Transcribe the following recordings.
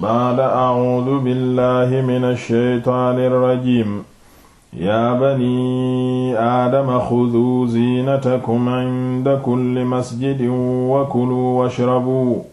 baada acuudu billahi min alsheytaani alrajim yaa bani aadama xuduu ziinatakum cinda kulli masjidin wakuluu washrabuu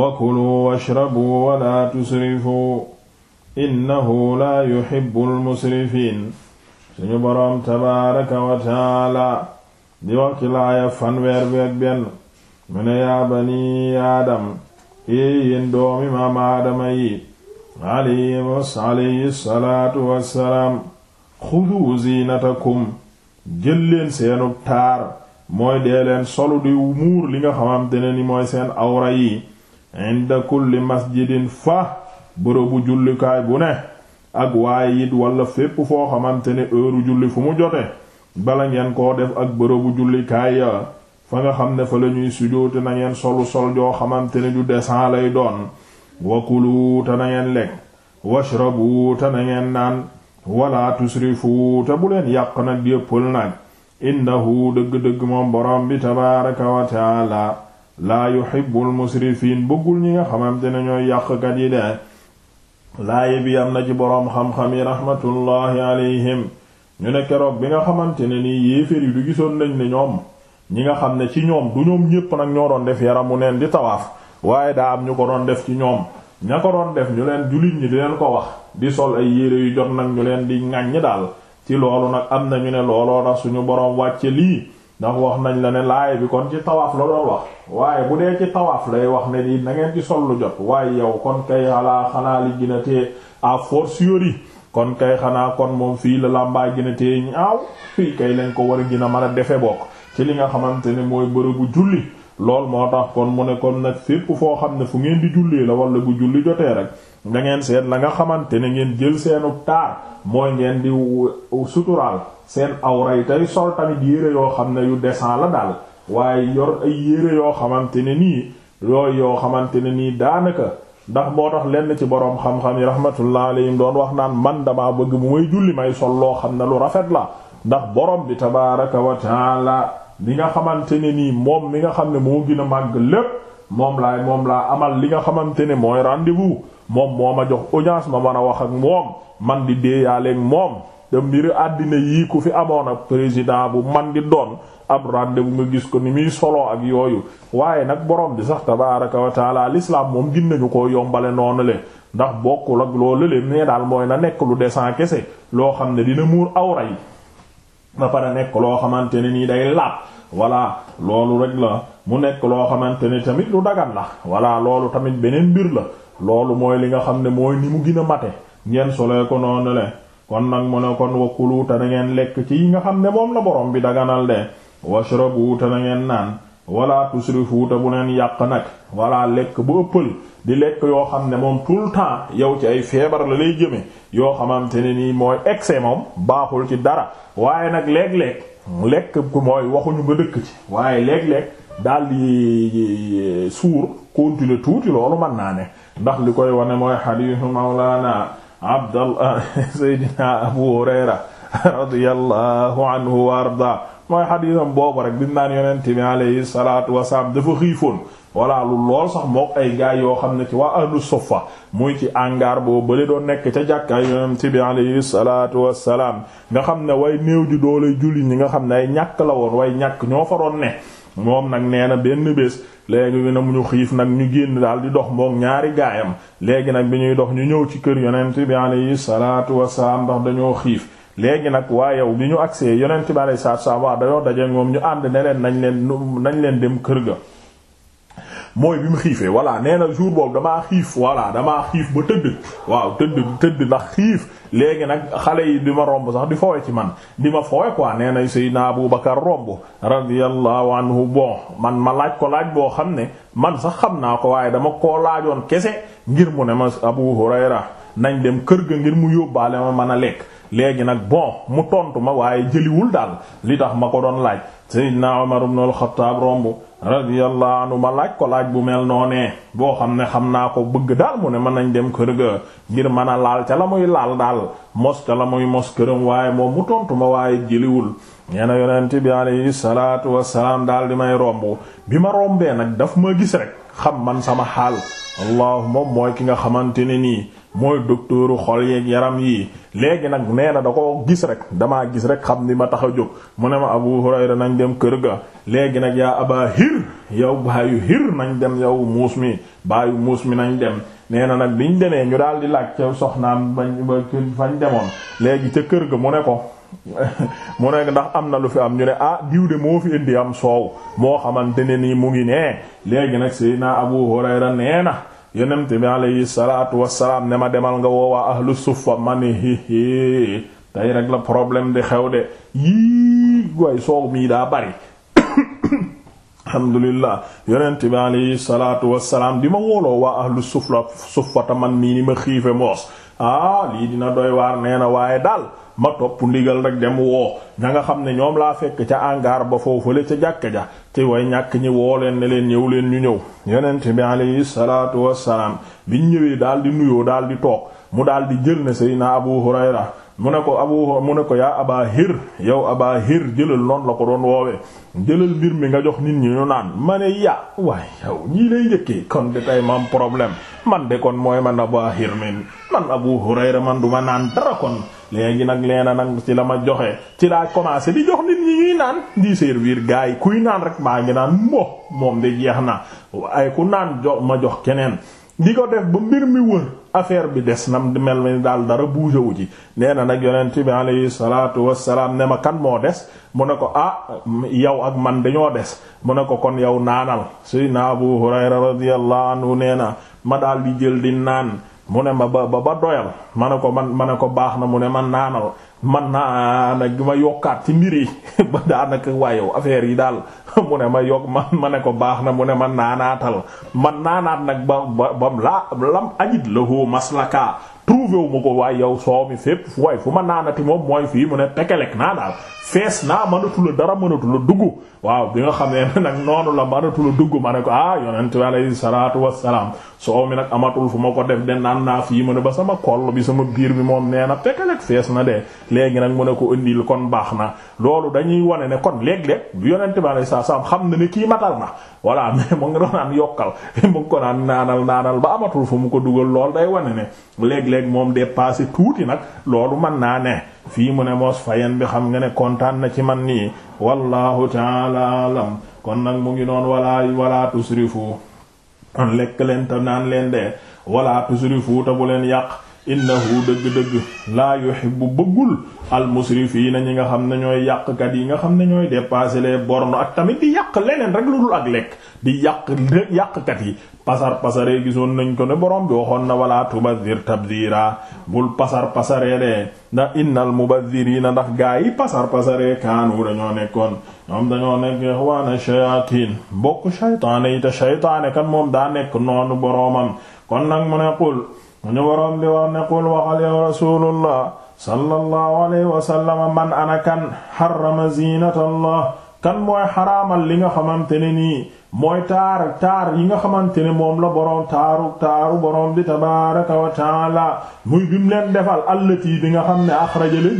wakuluu washrabuu walaa tusrifuu innahu laa yuxibbu lmusrifiin suñu boroom tabaaraka wa taala di wax ci laaya fanweer bi ak benn mu ne yaa bani aadam yéey yéen doomi maam aadama yi alayhi salaatu wassalaam xudu zinatakum jël leen seenu taar mooy dee leen solu di muur li nga xamante ne ni mooy seen awra yi inda kulli masjidin fa bërëbu jullikaay bu ne ak waaye it walla fépp foo xamante ne heure julli fu mu jote bala ngeen koo def ak bërëbu jullikaay ya fa nga xam ne fa la ñuy sujoote na ngeen solu sol joo xamante ne ju desan lay doon wakulu te na ngeen lekk washrabu te na ngeen naan wala tusrifu te bu leen yàq nag di ëppal nag innahu dëgg-dëgg moom borom bi tabaraka wa taala laa yuhibbul musrifin bëggul ñi nga xamante ne ñooy yàqkat yi de laaye bi am na ci boroom xam-xam yi rahmatullahi alayhim ñu ne keroog bi nga xamante ne nii yéefér yi du gisoon nañ ne ñoom ñi nga xam ne ci ñoom du ñoom ñépp nag ñoo doon def yaramu neen di tawaaf waaye daa am ñu ko doon def ci ñoom ña ko doon def ñu leen jullit ñi di leen ko wax di sol ay yére yu jot nag ñu leen di ñi daal ci loolu nag am na ñu ne looloo nag suñu boroom wàcce lii ndax wax nañ la ne laay bi kon ci tawaaf la doon wax waaye bu dee ci tawaaf lay wax ne di na ngeen ci sol lu jot waaye yow kon kay xalaa xanaa li gën a tee à fortiori kon kay xanaa kon moom fii la làmbaay gën a tee ñaaw fii kay lañ ko war a gën a mën a defe bokk ci li nga xamante ne mooy bu julli lool moo tax kon mu ne kon nag fépp foo xam ne fu ngeen di jullee la wala bu julli jotee rek da ngeen seet la nga xamante ne ngeen jël seenu taar mooy ngeen di suturaal seen awra yi tey sol tamit yére yoo xam ne yu décent la daal waaye yor ay yére yoo xamante ne nii yooyu yoo xamante ne nii daanaka ndax moo tax lenn ci boroom xam-xam yi rahmatullah alayhim doon wax naan man damaa bëgg bu may julli may sol loo xam ne lu rafet la ndax boroom bi tabaaraka li nga xamante ne nii moom mi nga xam ne moo gën a màgg lépp moom laay moom laa amal li nga xamante ne mooy rendez-vous moom moo ma jox audience ma mën a wax ak moom man di déeyaaleeg moom te mbiri àddina yii ku fi amoon ak président bu man di doon ab rendez-vous nga gis ko ni muy solo ak yooyu waaye nag borom bi sax tabaaraka wa taala l'islam moom gin nañu koo yombale noonu le ndax bokkul ak loolu le mais daal mooy na nekk lu desant kese loo xam ne dina muur awra yi ba pare nekk loo xamante ne nii day laab voilà loolu rek la mu nekk loo xamante ne tamit lu dagan la voilà loolu tamit beneen mbir la loolu mooy li nga xam ne mooy ni mu gën a mate ngeen solee ko noonu le kon nag mu ne kon wakkuluuta na ngeen lekk ci yi nga xam ne moom la borom bi daganal de washrabuuta na ngeen naan wala tusrifu te bu leen yàq nag wala lekk bu ëppal di lekk yoo xam ne moom tout le temps yow ci ay feebar la lay jëme yoo xamante ne nii mooy excès moom baaxul ci dara waaye nag léeg-léeg lekk ku mooy waxuñu nga dëkk ci waaye léeg-léeg daal di suur continuer tuuti loolu man naa ne ndax li koy wane mooy xadiisu mawlaana abdallah seydina abu hurayra radiyallahu anhu wa arda mooy xadiisam boobu rek bi mu naan yonent bi alayhi salaatu wasalaam dafa xiifoon voilà lu lool sax mook ay gaay yoo xam ne ci waa ahlu suffa muy ci angaar boo bële doon nekk ca jàkkaay yonent bi alayhi salaatu wassalaam nga xam ne way néew di doole julli ñi nga xam ne ay ñàkk la woon way ñàkk ñoo fa doon ne moom nag nee na benn bés léegi bi na mu ñu xiif nag ñu génn daal di dox mook ñaari gaayam léegi nag bi ñuy dox ñu ñëw ci kër yonent bi alayhi salaatu wassalaam ndax dañoo xiif léegi nag waaye yow bi ñu agsee yonent bi alayhi salaatu salaam wax dañoo daje moom ñu ànd ne nañ leen nañ leen dem kër ga mooy bi mu xiifee voilà nee jour boobu damaa xiif voilà damaa xiif ba tëdd waaw tëdd tëdd ndax xiif léegi nag xale yi di ma romb sax di foowe ci man di ma foowe quoi nee na Seydina Abu Bakar romb radiyallahu anhu bon man ma laaj ko laaj boo xam ne man sax xam naa ko waaye dama koo laajoon kese ngir mu ne ma Abu Hurayra nañ dem kër ga ngir mu yóbbaale mën a lekk léegi nag bon mu tontu ma waaye jëliwul daal li tax ma ko doon laaj Seydina naaw ibn al-Khattab romb radiyallahu anhu ma laaj ko laaj bu mel noonee boo xam ne xam naa ko bëgg daal mu ne mën nañ dem kër ga ngir mën a laal ca la muy laal daal mos ca la muy mos këram waaye moom mu tontu ma waaye jëliwul ñeena yonent bi alayhi salaatu wassalaam daal di may romb bi ma rombee nag dafa ma gis rek xam man sama xaal allah moom mooy ki nga xamante ne nii mooy docteuru xol yeeg yaram yii léegi nag nee na da ko gis rek damaa gis rek xam ni ma tax a jóg mu ne ma Abu Hurayra nañ dem kër ga léegi nag yaa aba hir yow baayu hir nañ dem yow muus mi baayu muus mi nañ dem nee na nag ñu demee ñu daal di laaj ca soxnaam bañ fañ demoon léegi ca kër ga mu ne ko mu ne ndax am na lu fi am ñu ne ah diw de moo fi indi am soow moo xamante ne nii mu ngi nee léegi nag Seydina Abu Hurayra nee na yonent bi alayhi salaatu wassalaam ne ma demal nga woo woowaa ahlu suffa ma ne hihi tey rek la problème di xew de yii goy soog mii daa bari alhamdulillah yonent bi alayhi wassalaam di ma wooloo waa ahlu suffa suffata man mii ni ma xiife moos ah lii dina doy waar nee na waaye daal ma topp ndigal rek dem woo ña nga xam ne ñoom laa fekk ca angaar ba foofule ca jàkka ja ci way ñàkk ñi woo leen ne leen ñëw leen ñu ñëw yonent bi alayhi salaatu bi biñ ñëwee daal di nuyoo daal di toog mu daal di jël ne Seydina Abu Hurayra mu ne ko abu mu ne ko yaa aba hir yow aba hir jëlal noonu la ko doon woowee jëlal mbir mi nga jox nit ñi ñu naan ma ne ya waaye yow ñii lay njëkkee kon de tay mam problème man de kon mooy man aba hir min man abu hurayra man ma naan léegi nag leena nag ci la ma joxe ci laa commencé di jox nit ñi ñuy naan di servir gars yi kuy naan rek maa ngi naan moo moom de jeex na ay ku naan ma jox keneen di ko def ba mbir mi wër affaire bi des na mel mel ni daal dara bougé wu ci nee na nag yonent bi alayhi salaatu wassalaam ne ma kan moo des mu ne ko ah yow ak man dañoo des mu ne ko kon yow naanal Seydina Abu Hurayra radiyallahu anhu nee na ma daal di jël di naan mu ne ma ba ba doyal ma ne ko man ma ne ko baax na mu ne man naanal man naa nag ma yokkaat ci mbir yi ba daanaka affaire yi daal ne ma yokk man ma ne ko baax na mu ne man naanaatal man naanaat nag ba ba ba laa lam ajit lahu maslaka trouvé wu ko waay yow soow mi fépp waaye fu ma naanati moom mooy fii mu ne pekelek naa daal fees naa mënatula dara mënatula dugg waaw bi nga xamee ne nag noonu la mënatula dugg ma ne ko ah yonent bi alayhi salaatu wassalaam soow mi nag amatul fu ma ko def den naan naa fii ma ne ba sama koll bi sama biir bi moom nee na fekkalek na de léegi nag mu ko indil kon baax na loolu dañuy wane ne kon léeg-léeg bu yonent bi alayhi xam na ne kii matal na voilà mais mu ngi doon yokkal mu ngi ko naan naanal naanal ba amatul fu mu ko dugal lool day wane ne léeg-léeg moom de dépassé tuuti nag loolu man naa ne fii mu ne moos fayen bi xam nga ne kontaan na ci man nii wallahu taala kon nag mu ngi noon walaa walaa tusrifu lekk leen te naan leen de walaa tusrifu te bu leen yàq innahu dëgg-dëgg laa yuhibbu bëggul almusrifiina ñi nga xam ne ñooy yàqkat yi nga xam ne ñooy dépasser les bornes ak tamit di yàq leneen rek lu dul ak lekk di yàq yàq yàqkat yi pasar pasaree gisoon nañ ko ne boroom bi waxoon na wala tubaddir tabdira bul pasar pasaree de ndax innal mubaddiriina ndax gaa yi pasar pasaree kaanu dañoo nekkoon moom dañoo nekk a shayatin bokk shaytaane yi te shaytaane kat moom daa nekk noonu boromam kon nag mu ñu waroon bi wax ne qul waxal yow rasulullah sallallahu alayhi wa sallam man ana kan xarama zinata kan mooy xaraamal li nga xamante ne nii mooy taar taar yi nga xamante ne moom la boroom taaru taaru boroom bi tabaraka wa taala muy bi mu leen defal allati bi nga xam ne axraja la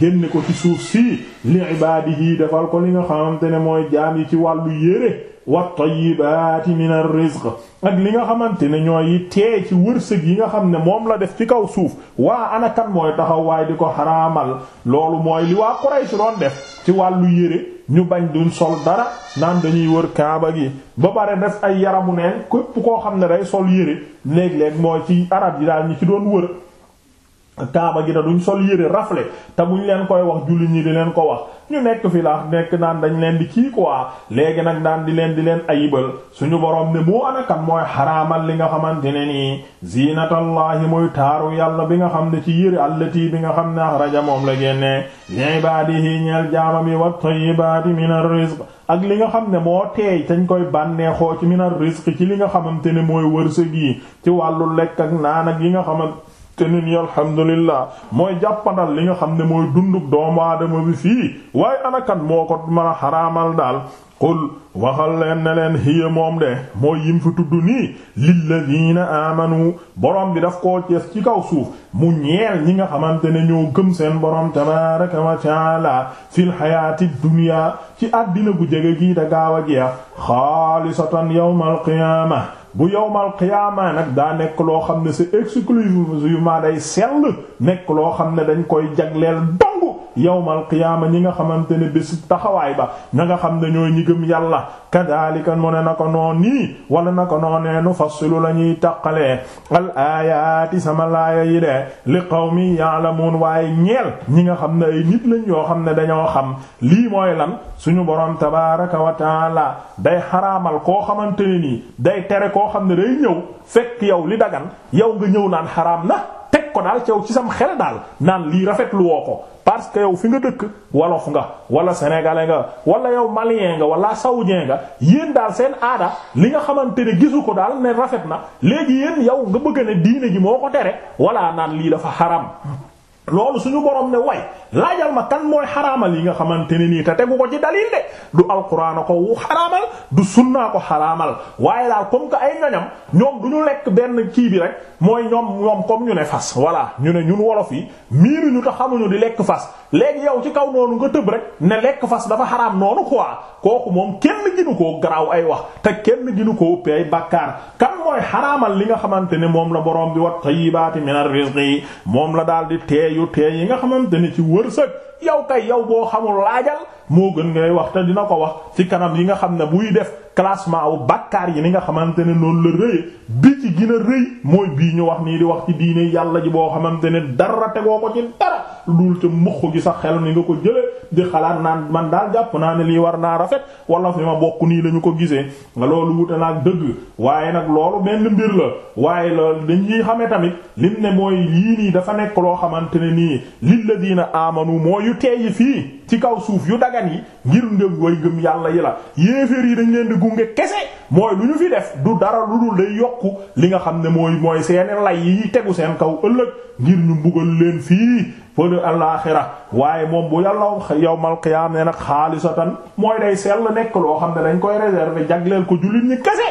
génnee ko ci suuf si li ibaadihi defal ko li nga xamante ne mooy jaam yi ci wàllu yére wa tayyibaati min ar-rizq ak li nga xamante ne ñooy tee ci wërsëg yi nga xam ne moom la def ci kaw suuf waa anakan mooy taxaw waaye di ko xaraamal loolu mooy li waa Quraysh doon def ci wàllu yére ñu bañ duñ sol dara naan dañuy wër kaaba gi ba pare def ay yaramu neen këpp koo xam ne day sol yére léeg-léeg mooy ci arab yi daal ñi ci doon wër kaaba gi da duñ sol yére rafle te buñ leen koy wax jullit ñi di leen ko wax ñu nekk fi la nekk naan dañ leen di kii quoi léegi nag naan di leen di leen ayibal suñu borom ne moo anakan mooy xaraamal li nga xamante ne nii zinatallahi mooy taaru yàlla bi nga xam ne ci yére allati bi nga xam ne axraja moom la génnee li ibaadihi ñeel jaamam yi wat tayyibaati min ar-rizq ak li nga xam ne moo teey dañ koy bànneexoo ci min ar ci li nga xamante ne mooy wërsëg yi ci wàllu lekk ak naan yi nga xamante te ñun yi mooy jàppandal li nga xam ne mooy dunduk doomu aadama bi fii waaye anakan moo ko mën a xaraamal daal qul waxal leen ne leen moom de mooy yim fi tudd nii lilladina amanu borom bi daf koo cees ci kaw suuf mu ñeel ñi nga xamante ne ñoo gëm seen borom tabaraka wa taala fil xayaati dunya ci àddina bu jege gii da gaaw a jeex xaalisatan yawmal qiyaama bu yowmal qiyaama nag daa nekk loo xam ne c'est exclusivement day sell nekk loo xam ne dañ koy jagleel yawmal qiyaama ñi nga xamante ne bés taxawaay ba ña nga xam ne ñoo ñi gëm yàlla kadaalika mu ne na ko noon nii wala na ko noonee nu fassilu la ñuy taqalee al aayaati sama laaya yi de li qawmi ya'lamuun waaye ñeel ñi nga xam ne ay nit lañ yoo xam ne dañoo xam lii mooy lan suñu boroom tabaaraka wa day xaraamal koo xamante ni nii day tere koo xam ne day ñëw fekk yow li dagan yow nga ñëw naan xaraam na teg ko daal caw ci sam xere daal naan lii rafetlu woo ko parce que yow fi nga dëkk wolof nga wala sénégalais nga wala yow malien nga wala saoudien nga yéen daal seen aada li nga xamante ne gisu ko daal ne rafet na léegi yéen yow nga bëgg ne diine ji moo ko tere wala naan lii dafa xaram loolu suñu borom ne way laajal ma kan mooy xaraamal yi nga xamante ne nii te tegu ko ci dalil de du alquran ko wu xaraamal du sunnaa ko xaraamal waaye daal comme que ay ñoñam ñoom du lekk benn kii bi rek mooy ñoom ñoom comme ñu ne fas voilà ñu ne ñun wolof yi miiru ñu te xamuñu di lekk fas léegi yow ci kaw noonu nga tëb rek ne lekk fas dafa xaraam noonu quoi kooku moom kenn ginu koo garaaw ay wax te kenn ginu ko ëpp ay bakkaar kan mooy xaraamal li nga xamante ne moom la borom bi wat tayyibaati minar rizqi moom la daal di teey yu teey yi nga xamante ni ci wër wërsëg yow kay yow boo xamul laajal moo gën ngay wax te dina ko wax ci kanam yi nga xam ne buy def classement wu bakkaar yi ni nga xamante ne noonu la rëye bi ci gën a rëy mooy bii ñu wax nii di wax ci diine yàlla ji boo xamante ne dara tegoo ko ci dara dul te muq gi sa xel ni nga ko jëlee di xalaat man daal jàpp naa ne lii war naa rafet wala fi ma bokk nii la ñu ko gisee nga loolu wute naa dëgg waaye nag loolu benn mbir la waaye loolu dañuy xamee tamit lim nekk loo xamante ne nii yu teeyi fii ci kaw suuf yu dagan yi ngir ngëm way ngëm yàlla yi la yéeféer yi dañ leen di gunge kese mooy lu ñu fi def du dara lu dul day yokku li nga xam ne mooy mooy seeni lay yi tegu seen kaw ëllëg ngir ñu mbugal leen fii fële alaaxira waaye moom bu yàlla yawmal qiyaam ne nag xaalisatan mooy day sell nekk loo xam ne dañ koy réserver jagleel ko jullit ñi kese